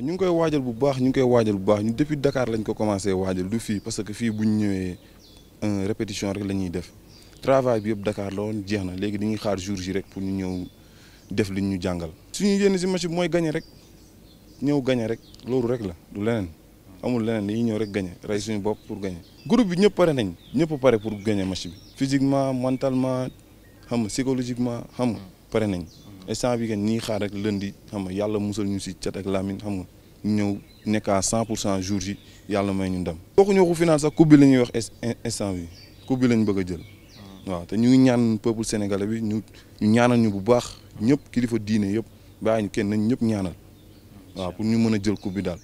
ñu ngi koy waajal bu baax ñu ngi koy waajal bu baax ñu depuis Dakar lañ ko commencé waajal du fi parce que fii bu ñu ñëwee euh, répétition rek la ñuy def travail bi yëpp dakaar la jeex na léegi dañuy xaar jour yi rek pour ñu ñëw def li ñu jàngal. suñu yéene si match mooy gagné rek ñëw gagné rek loolu rek la lu leneen amul leneen dañuy ñëw rek gagné rey suñu bopp pour gagné. group bi ñëpp pare nañ ñëpp pare pour gagné match bi physiquement mentalement xam nga psychologiquement xam nga pare nañ. instant bi ngeen nii xaar rek lundi xam nga yàlla musal ñu si cat ak làmmiñ xam nga ñu ñëw nekk à 100 pour cent jour yi yàlla may ñu ndam. kooku ñoo ko final sax coupe bi la ñuy wax instant bi coupe lañ bëgg a jël. Ah. waaw te ñu ngi ñaan peuple sénégalais bi ñu ñaanal ñu bu baax ñëpp kilifa diine yëpp bàyyi ñu kenn nañ ñëpp ñaanal ah. waaw pour ñu mën a jël coupe bi daal.